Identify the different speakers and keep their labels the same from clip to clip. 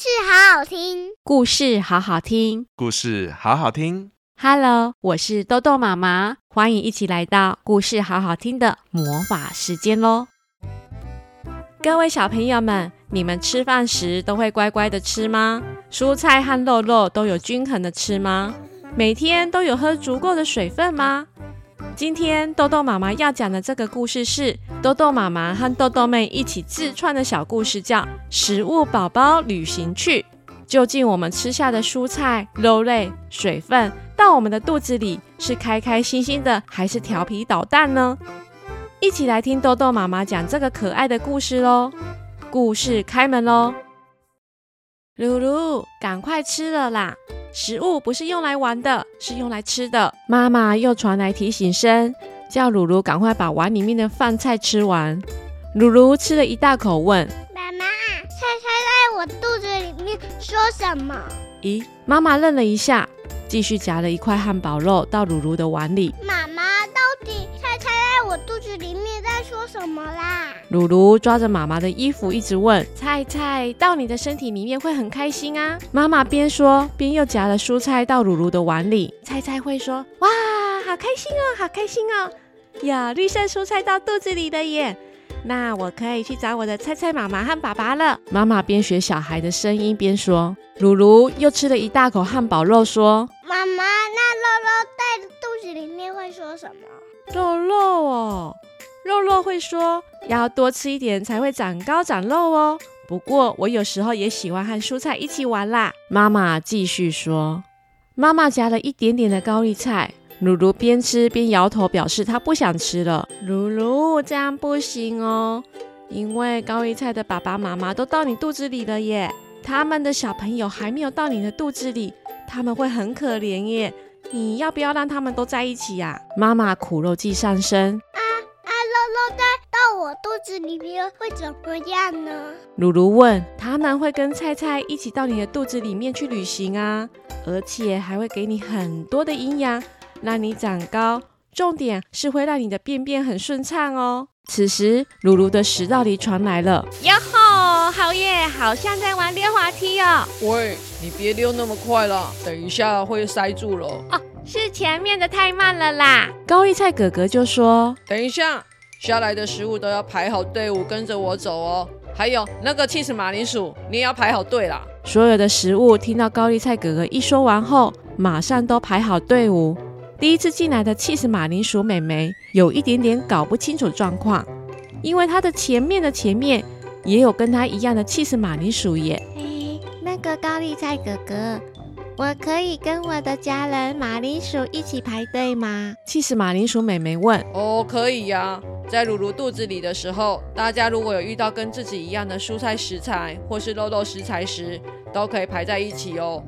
Speaker 1: 是好好聽
Speaker 2: 故事，好好聽故事好好聽，故事好好聽。Hello，我是豆豆媽媽，歡迎一起來到故事好好聽的魔法時間咯。各位小朋友們，你們吃飯時都會乖乖的吃嗎？蔬菜和肉肉都有均衡的吃嗎？每天都有喝足夠的水分嗎？今天豆豆媽媽要講的這個故事是豆豆媽媽和豆豆妹一起自創的小故事，叫《食物寶寶旅行去》。究竟我們吃下的蔬菜、肉類、水分，到我們的肚子裡是開開心心的，還是調皮搗蛋呢？一起來聽豆豆媽媽講這個可愛的故事嘍！故事開門嘍！茹茹，趕快吃了啦！食物不是用來玩的，是用來吃的。媽媽又傳來提醒聲，叫茹茹趕快把碗裡面的飯菜吃完。茹茹吃了一大口，問：“
Speaker 1: 媽媽，菜菜在我肚子裡面說什麼？”
Speaker 2: 咦，媽媽愣了一下，繼續夾了一塊漢堡肉到茹茹的碗裡。
Speaker 1: 媽媽，到底？菜菜我肚子裡面在說什麼啦？
Speaker 2: 茹茹抓着媽媽的衣服，一直問：“
Speaker 1: 菜菜到你的身體
Speaker 2: 裡面會很開心啊？”媽媽邊說邊又夾了蔬菜到茹茹的碗裡。菜菜會說：“哇，好開心哦，好開心哦！”呀，綠色蔬菜到肚子裡了耶！那我可以去找我的菜菜媽媽和爸爸了。媽媽邊學小孩的聲音邊說：“茹茹又吃了一大口漢堡肉，說：
Speaker 1: 媽媽，那肉肉在肚子裡面會說什麼？”
Speaker 2: 肉肉哦，
Speaker 1: 肉肉會
Speaker 2: 說要多吃一點才會長高長肉哦。不過我有時候也喜歡和蔬菜一起玩啦。媽媽繼續說，媽媽夾了一點點的高麗菜，茹茹邊吃邊搖頭，表示她不想吃了。茹茹這樣不行哦，因為高麗菜的爸爸媽媽都到你肚子裡了耶，他們的小朋友還沒有到你的肚子裡，他們會很可憐耶。你要不要讓他們都在一起呀、啊？媽媽苦肉計上身啊！
Speaker 1: 啊，肉肉在到我肚子裡面會怎麼樣呢？
Speaker 2: 茹茹問。
Speaker 1: 他們會跟菜
Speaker 2: 菜一起到你的肚子裡面去旅行啊，而且還會給你很多的營養，讓你長高。重點是會讓你的便便很順暢哦。此時，茹茹的食道裡傳來了喲吼，Yoho, 好耶，好像在玩溜滑梯哦。喂，你別溜那麼快啦，等一下會塞住了啊。是前面的太慢了啦！高麗菜哥哥就說：“等一下，下來的食物都要排好隊伍，跟着我走哦。還有那個起司馬鈴薯，你也要排好隊啦。”所有的食物聽到高麗菜哥哥一說完後，馬上都排好隊伍。第一次進來的起司馬鈴薯妹妹有一點點搞不清楚狀況，因為她的前面的前面也有跟她一樣的起司馬鈴薯耶。嘿、欸，那個高麗菜哥哥。我可以跟我的家人馬鈴薯一起排隊嗎？起司馬鈴薯妹妹問。哦，可以呀、啊。在茹茹肚子裡的時候，大家如果有遇到跟自己一樣的蔬菜食材或是肉肉食材時，都可以排在一起哦。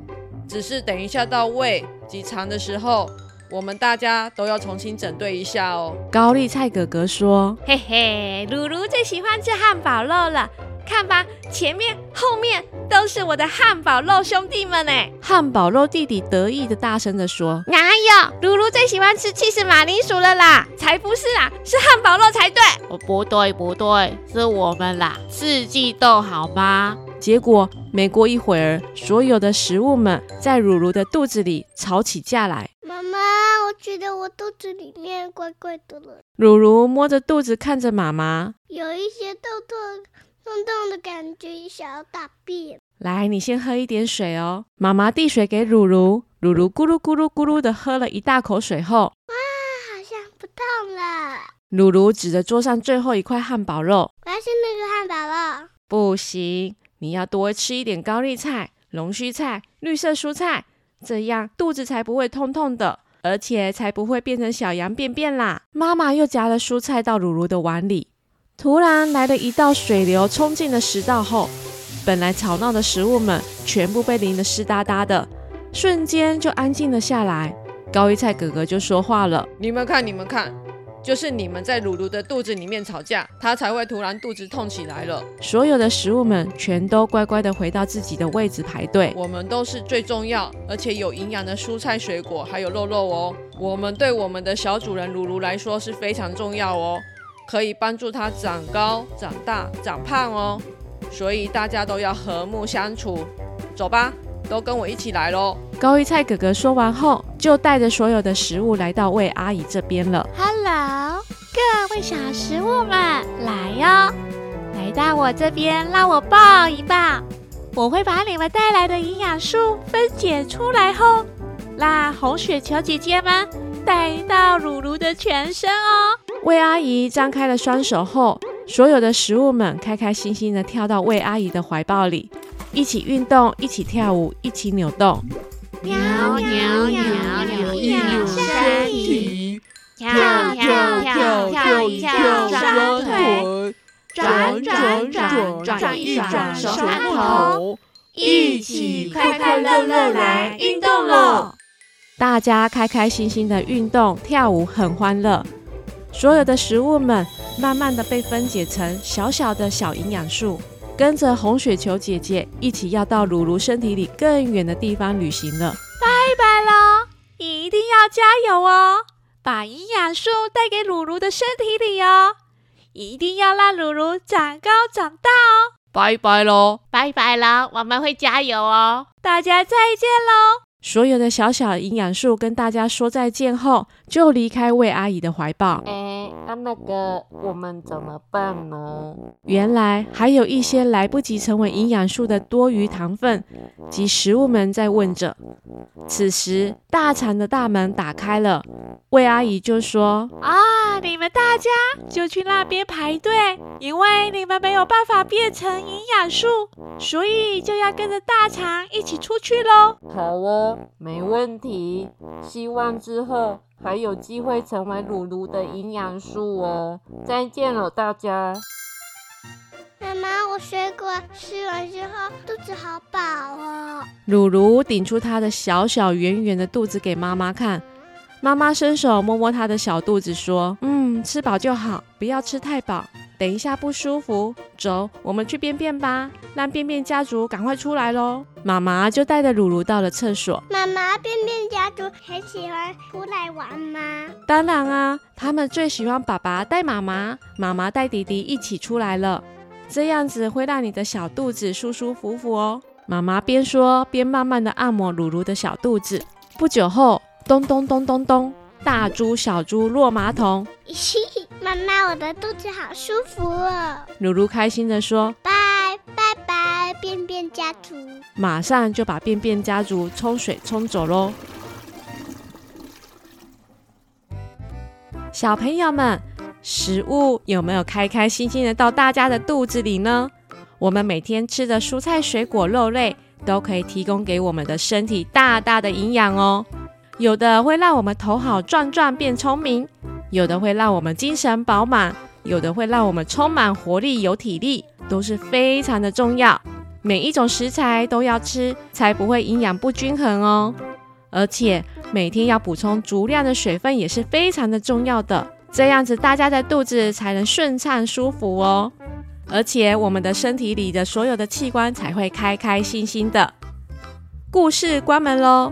Speaker 2: 只是等一下到胃幾腸的時候，我們大家都要重新整隊一下哦。高麗菜哥哥說：嘿嘿，茹茹最喜歡吃漢堡肉了。看吧，前面、後面都是我的漢堡肉兄弟們呢！漢堡肉弟弟得意的大聲地說：“哪有，茹茹最喜歡吃起司馬鈴薯了啦！才不是啦，是漢堡肉才對！哦，不對不對，是我們啦，四季豆，好吧，結果沒過一會兒，所有的食物們在茹茹的肚子裡吵起架來。
Speaker 1: 媽媽，我覺得我肚子裡面怪怪的
Speaker 2: 了。茹茹摸着肚子看着媽媽，
Speaker 1: 有一些痛痛。痛痛的感覺，一小大便。
Speaker 2: 來，你先喝一點水哦。媽媽遞水給茹茹，茹茹咕嚕咕嚕咕嚕的喝了一大口水後，
Speaker 1: 哇，好像不痛
Speaker 2: 了。茹茹指着桌上最後一塊漢堡肉，
Speaker 1: 我要吃那個漢堡肉。
Speaker 2: 不行，你要多吃一點高麗菜、龍鬚菜、綠色蔬菜，這樣肚子才不會痛痛的，而且才不會變成小羊便便啦。媽媽又夾了蔬菜到茹茹的碗裡。突然來了一道水流，衝進了食道後，本來吵鬧的食物們全部被淋得濕噠噠的，瞬間就安靜了下來。高一菜哥哥就說話了：“你們看，你們看，就是你們在茹茹的肚子裡面吵架，他才會突然肚子痛起來了。”所有的食物們全都乖乖的回到自己的位置排隊。我們都是最重要而且有營養的蔬菜、水果，還有肉肉哦。我們對我們的小主人茹茹來說是非常重要哦。可以幫助他長高、長大、長胖哦，所以大家都要和睦相處。走吧，都跟我一起來咯。高麗菜哥哥說完後，就帶着所有的食物來到魏阿姨這邊了。Hello，各位小食物們，來喲、哦！來到我這邊，讓我抱一抱。我會把你們帶來的營養素分解出來後，讓紅血球姐姐們帶到茹茹的全身哦。魏阿姨張開了雙手後，所有的食物們開開心心地跳到魏阿姨的懷抱裡，一起運動，一起跳舞，一起扭動。
Speaker 1: 扭扭扭扭一扭身，身體，跳喵喵喵跳跳跳，跳，跳，跳一跳雙腿，轉轉轉轉一轉雙頭，
Speaker 2: 一起快快樂樂來運動嘍！大家開開心心的運動跳舞，很歡樂。所有的食物們慢慢地被分解成小小的小營養素，跟着紅血球姐姐一起要到茹茹身體裡更遠的地方旅行了。拜拜嘍！一定要加油哦，把營養素帶給茹茹的身體裡哦，一定要讓茹茹長高長大哦。拜拜嘍！拜拜嘍，我們會加油哦。大家再見嘍！所有的小小營養素跟大家說再見後，就離開胃阿姨的懷抱。那、啊、那個我們怎麼辦呢？原來還有一些來不及成為營養素的多餘糖分，及食物們在問着。此時大腸的大門打開了，魏阿姨就說：“啊，你們大家就去那邊排隊，因為你們沒有辦法變成營養素，所以就要跟着大腸一起出去嘍。”好了，沒問題。希望之後。還有機會成為茹茹的營養素哦！再見了，大
Speaker 1: 家。媽媽，我水果吃完之後肚子好飽哦。
Speaker 2: 茹茹頂出他的小小圓圓的肚子給媽媽看，媽媽伸手摸摸他的小肚子，說：“嗯，吃飽就好，不要吃太飽。”等一下不舒服，走，我們去便便吧，讓便便家族趕快出來咯！媽媽就帶着茹茹到了廁所。
Speaker 1: 媽媽，便便家族很喜歡出來玩嗎？
Speaker 2: 當然啊，他們最喜歡爸爸帶媽媽，媽媽帶弟弟一起出來了，這樣子會讓你的小肚子舒舒服服哦。媽媽邊說邊慢慢的按摩茹茹的小肚子，不久後，咚咚咚咚咚咚。大豬、小豬落馬桶。
Speaker 1: 媽媽，我的肚子好舒服哦。
Speaker 2: 茹茹開心的說：“
Speaker 1: 拜拜拜，便便家族，
Speaker 2: 馬上就把便便家族沖水沖走嘍。”小朋友們，食物有沒有開開心心的到大家的肚子裡呢？我們每天吃的蔬菜、水果、肉類都可以提供給我們的身體大大的營養哦。有的會讓我們頭好壯壯變聰明，有的會讓我們精神飽滿，有的會讓我們充滿活力有體力，都是非常的重要。每一種食材都要吃，才不會營養不均衡哦。而且每天要補充足量的水分也是非常的重要的，的這樣子大家的肚子才能順暢舒服哦。而且我們的身體裡的所有的器官才會開開心心的。故事關門嘍。